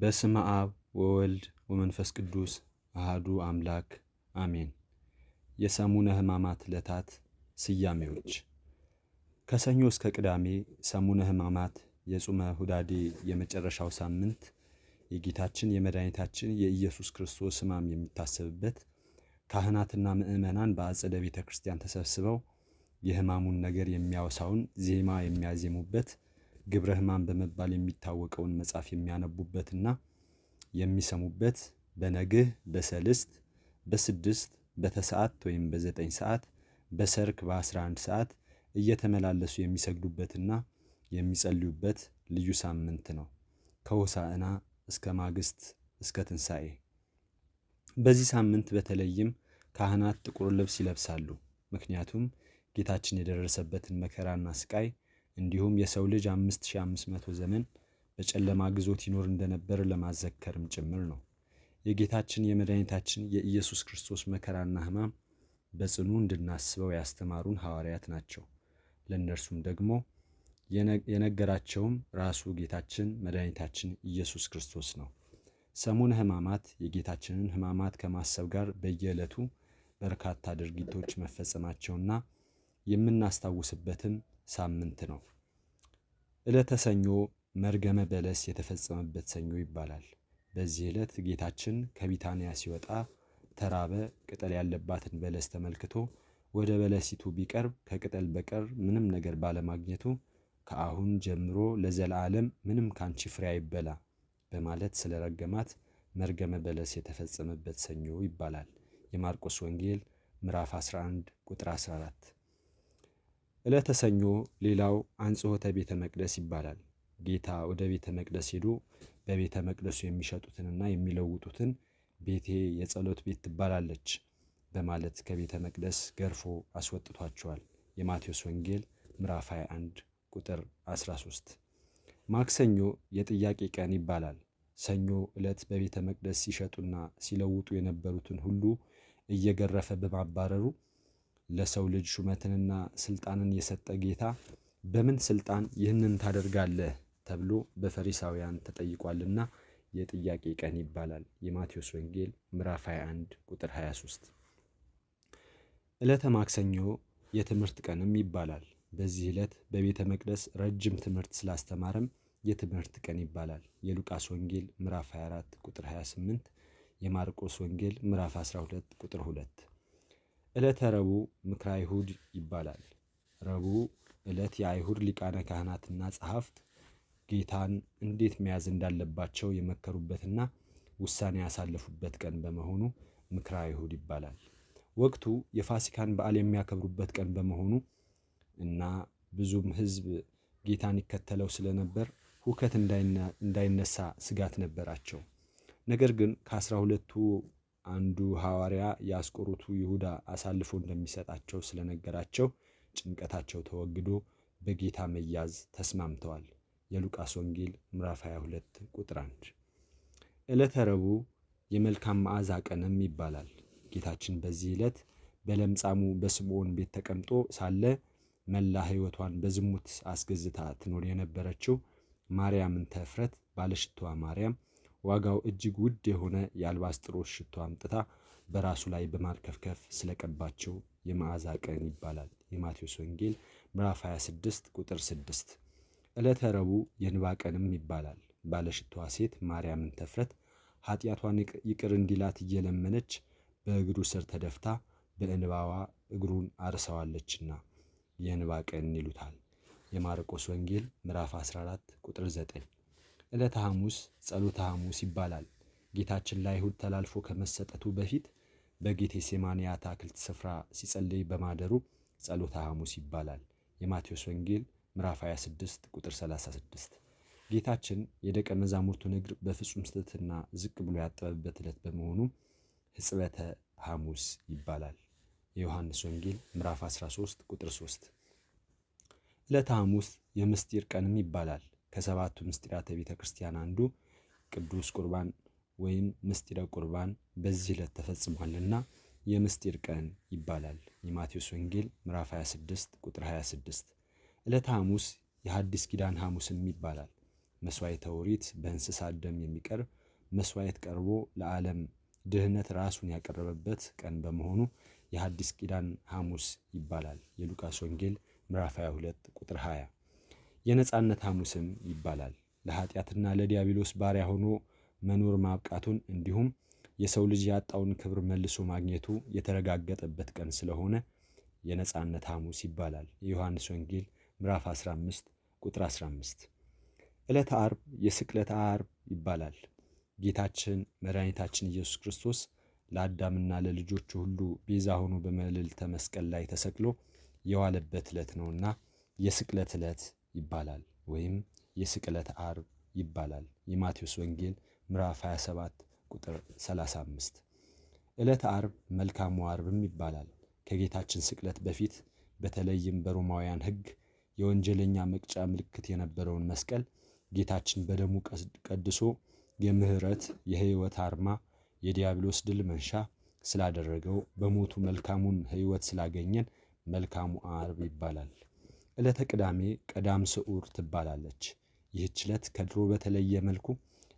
በስመ አብ ወወልድ ወመንፈስ ቅዱስ አህዱ አምላክ አሜን። የሰሙነ ሕማማት ዕለታት ስያሜዎች ከሰኞ እስከ ቅዳሜ ሰሙነ ሕማማት የጾመ ሁዳዴ የመጨረሻው ሳምንት የጌታችን የመድኃኒታችን የኢየሱስ ክርስቶስ ሕማም የሚታሰብበት ካህናትና ምዕመናን በአጸደ ቤተ ክርስቲያን ተሰብስበው የሕማሙን ነገር የሚያወሳውን ዜማ የሚያዜሙበት ግብረ ሕማም በመባል የሚታወቀውን መጽሐፍ የሚያነቡበትና የሚሰሙበት በነግህ በሰልስት በስድስት በተሰዓት ወይም በዘጠኝ ሰዓት በሰርክ በ11 ሰዓት እየተመላለሱ የሚሰግዱበትና የሚጸልዩበት ልዩ ሳምንት ነው ከሆሳዕና እስከ ማግስት እስከ ትንሣኤ። በዚህ ሳምንት በተለይም ካህናት ጥቁር ልብስ ይለብሳሉ። ምክንያቱም ጌታችን የደረሰበትን መከራና ስቃይ እንዲሁም የሰው ልጅ 5500 ዘመን በጨለማ ግዞት ይኖር እንደነበር ለማዘከርም ጭምር ነው። የጌታችን የመድኃኒታችን የኢየሱስ ክርስቶስ መከራና ሕማም በጽኑ እንድናስበው ያስተማሩን ሐዋርያት ናቸው። ለእነርሱም ደግሞ የነገራቸውም ራሱ ጌታችን መድኃኒታችን ኢየሱስ ክርስቶስ ነው። ሰሙነ ሕማማት የጌታችንን ሕማማት ከማሰብ ጋር በየዕለቱ በርካታ ድርጊቶች መፈጸማቸውና የምናስታውስበትም ሳምንት ነው። ዕለተ ሰኞ መርገመ በለስ የተፈጸመበት ሰኞ ይባላል። በዚህ ዕለት ጌታችን ከቢታንያ ሲወጣ ተራበ። ቅጠል ያለባትን በለስ ተመልክቶ ወደ በለሲቱ ቢቀርብ ከቅጠል በቀር ምንም ነገር ባለማግኘቱ ከአሁን ጀምሮ ለዘላለም ምንም ካንቺ ፍሬ አይበላ በማለት ስለ ረገማት መርገመ በለስ የተፈጸመበት ሰኞ ይባላል። የማርቆስ ወንጌል ምዕራፍ 11 ቁጥር 14 ዕለተ ሰኞ ሌላው አንጽሖተ ቤተ መቅደስ ይባላል። ጌታ ወደ ቤተ መቅደስ ሄዶ በቤተ መቅደሱ የሚሸጡትንና የሚለውጡትን ቤቴ የጸሎት ቤት ትባላለች በማለት ከቤተ መቅደስ ገርፎ አስወጥቷቸዋል። የማቴዎስ ወንጌል ምዕራፍ 21 ቁጥር 13። ማክሰኞ የጥያቄ ቀን ይባላል። ሰኞ ዕለት በቤተ መቅደስ ሲሸጡና ሲለውጡ የነበሩትን ሁሉ እየገረፈ በማባረሩ ለሰው ልጅ ሹመትንና ስልጣንን የሰጠ ጌታ በምን ስልጣን ይህንን ታደርጋለህ ተብሎ በፈሪሳውያን ተጠይቋልና የጥያቄ ቀን ይባላል። የማቴዎስ ወንጌል ምዕራፍ 21 ቁጥር 23። ዕለተ ማክሰኞ የትምህርት ቀንም ይባላል። በዚህ ዕለት በቤተ መቅደስ ረጅም ትምህርት ስላስተማረም የትምህርት ቀን ይባላል። የሉቃስ ወንጌል ምዕራፍ 24 ቁጥር 28፣ የማርቆስ ወንጌል ምዕራፍ 12 ቁጥር 2 ዕለተ ረቡዕ ምክረ አይሁድ ይባላል። ረቡዕ ዕለት የአይሁድ ሊቃነ ካህናትና ጸሐፍት ጌታን እንዴት መያዝ እንዳለባቸው የመከሩበትና ውሳኔ ያሳለፉበት ቀን በመሆኑ ምክረ አይሁድ ይባላል። ወቅቱ የፋሲካን በዓል የሚያከብሩበት ቀን በመሆኑ እና ብዙም ሕዝብ ጌታን ይከተለው ስለነበር ሁከት እንዳይነሳ ስጋት ነበራቸው። ነገር ግን ከአስራ ሁለቱ አንዱ ሐዋርያ የአስቆሮቱ ይሁዳ አሳልፎ እንደሚሰጣቸው ስለነገራቸው ጭንቀታቸው ተወግዶ በጌታ መያዝ ተስማምተዋል። የሉቃስ ወንጌል ምዕራፍ 22 ቁጥር 1። ዕለተ ረቡዕ የመልካም መዓዛ ቀንም ይባላል። ጌታችን በዚህ ዕለት በለምጻሙ በስምዖን ቤት ተቀምጦ ሳለ መላ ሕይወቷን በዝሙት አስገዝታ ትኖር የነበረችው ማርያምን ተፍረት ባለሽቷ ማርያም ዋጋው እጅግ ውድ የሆነ የአልባስጥሮስ ሽቶ አምጥታ በራሱ ላይ በማርከፍከፍ ስለቀባቸው የመዓዛ ቀን ይባላል። የማቴዎስ ወንጌል ምዕራፍ 26 ቁጥር 6። ዕለተ ረቡዕ የንባቀንም ቀንም ይባላል። ባለሽቷ ሴት ማርያምን ተፍረት ኃጢአቷን ይቅር እንዲላት እየለመነች በእግሩ ስር ተደፍታ በእንባዋ እግሩን አርሰዋለችና የንባቀን ቀን ይሉታል። የማርቆስ ወንጌል ምዕራፍ 14 ቁጥር 9 ዕለተ ሐሙስ ጸሎተ ሐሙስ ይባላል። ጌታችን ለአይሁድ ተላልፎ ከመሰጠቱ በፊት በጌቴሴማኒ አትክልት ስፍራ ሲጸልይ በማደሩ ጸሎተ ሐሙስ ይባላል። የማቴዎስ ወንጌል ምዕራፍ 26 ቁጥር 36። ጌታችን የደቀ መዛሙርቱን እግር በፍጹም ትሕትና ዝቅ ብሎ ያጠበበት ዕለት በመሆኑ ሕጽበተ ሐሙስ ይባላል። የዮሐንስ ወንጌል ምዕራፍ 13 ቁጥር 3። ዕለተ ሐሙስ የምስጢር ቀንም ይባላል። ከሰባቱ ምስጢራተ ቤተ ክርስቲያን አንዱ ቅዱስ ቁርባን ወይም ምስጢረ ቁርባን በዚህ ዕለት ተፈጽሟልና የምስጢር ቀን ይባላል። የማቴዎስ ወንጌል ምዕራፍ 26 ቁጥር 26። ዕለተ ሐሙስ የሐዲስ ኪዳን ሐሙስም ይባላል። መሥዋዕተ ኦሪት በእንስሳት ደም የሚቀርብ መሥዋዕት ቀርቦ ለዓለም ድህነት ራሱን ያቀረበበት ቀን በመሆኑ የሐዲስ ኪዳን ሐሙስ ይባላል። የሉቃስ ወንጌል ምዕራፍ 22 ቁጥር 20 የነጻነት ሐሙስም ይባላል። ለኃጢአትና ለዲያብሎስ ባሪያ ሆኖ መኖር ማብቃቱን እንዲሁም የሰው ልጅ ያጣውን ክብር መልሶ ማግኘቱ የተረጋገጠበት ቀን ስለሆነ የነጻነት ሐሙስ ይባላል። የዮሐንስ ወንጌል ምዕራፍ 15 ቁጥር 15። ዕለተ አርብ የስቅለት አርብ ይባላል። ጌታችን መድኃኒታችን ኢየሱስ ክርስቶስ ለአዳምና ለልጆቹ ሁሉ ቤዛ ሆኖ በመልዕልተ መስቀል ላይ ተሰቅሎ የዋለበት ዕለት ነውና የስቅለት ዕለት ይባላል ወይም የስቅለት አርብ ይባላል። የማቴዎስ ወንጌል ምዕራፍ 27 ቁጥር 35። ዕለት አርብ መልካሙ አርብም ይባላል። ከጌታችን ስቅለት በፊት በተለይም በሮማውያን ሕግ የወንጀለኛ መቅጫ ምልክት የነበረውን መስቀል ጌታችን በደሙ ቀድሶ የምህረት የሕይወት አርማ የዲያብሎስ ድል መንሻ ስላደረገው በሞቱ መልካሙን ሕይወት ስላገኘን መልካሙ አርብ ይባላል። ዕለተ ቅዳሜ ቀዳም ስዑር ትባላለች። ይህች ዕለት ከድሮ በተለየ መልኩ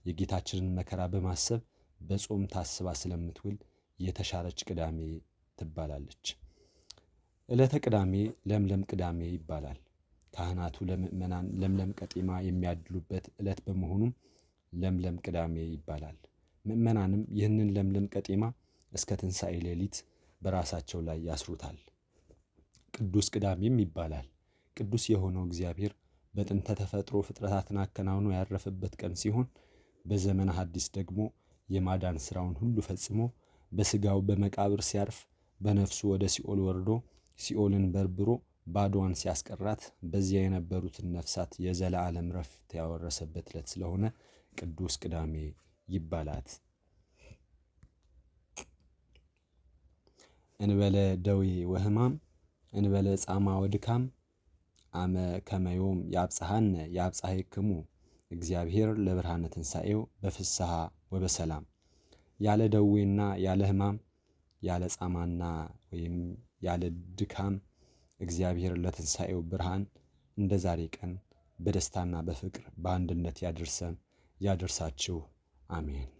የጌታችንን መከራ በማሰብ በጾም ታስባ ስለምትውል የተሻረች ቅዳሜ ትባላለች። ዕለተ ቅዳሜ ለምለም ቅዳሜ ይባላል። ካህናቱ ለምእመናን ለምለም ቀጤማ የሚያድሉበት ዕለት በመሆኑም ለምለም ቅዳሜ ይባላል። ምእመናንም ይህንን ለምለም ቀጤማ እስከ ትንሣኤ ሌሊት በራሳቸው ላይ ያስሩታል። ቅዱስ ቅዳሜም ይባላል። ቅዱስ የሆነው እግዚአብሔር በጥንተ ተፈጥሮ ፍጥረታትን አከናውኖ ያረፈበት ቀን ሲሆን በዘመነ ሐዲስ ደግሞ የማዳን ሥራውን ሁሉ ፈጽሞ በሥጋው በመቃብር ሲያርፍ በነፍሱ ወደ ሲኦል ወርዶ ሲኦልን በርብሮ ባዶዋን ሲያስቀራት በዚያ የነበሩትን ነፍሳት የዘላለም ረፍት ያወረሰበት ዕለት ስለሆነ ቅዱስ ቅዳሜ ይባላት። እንበለ ደዌ ወህማም እንበለ ጻማ ወድካም አመ ከመዮም ያብጽሐነ ያብጽሕክሙ እግዚአብሔር ለብርሃነ ትንሣኤው በፍስሐ ወበሰላም ያለ ደዌና ያለ ሕማም ያለ ጻማና ወይም ያለ ድካም እግዚአብሔር ለትንሣኤው ብርሃን እንደ ዛሬ ቀን በደስታና በፍቅር በአንድነት ያደርሰን ያደርሳችሁ፣ አሜን።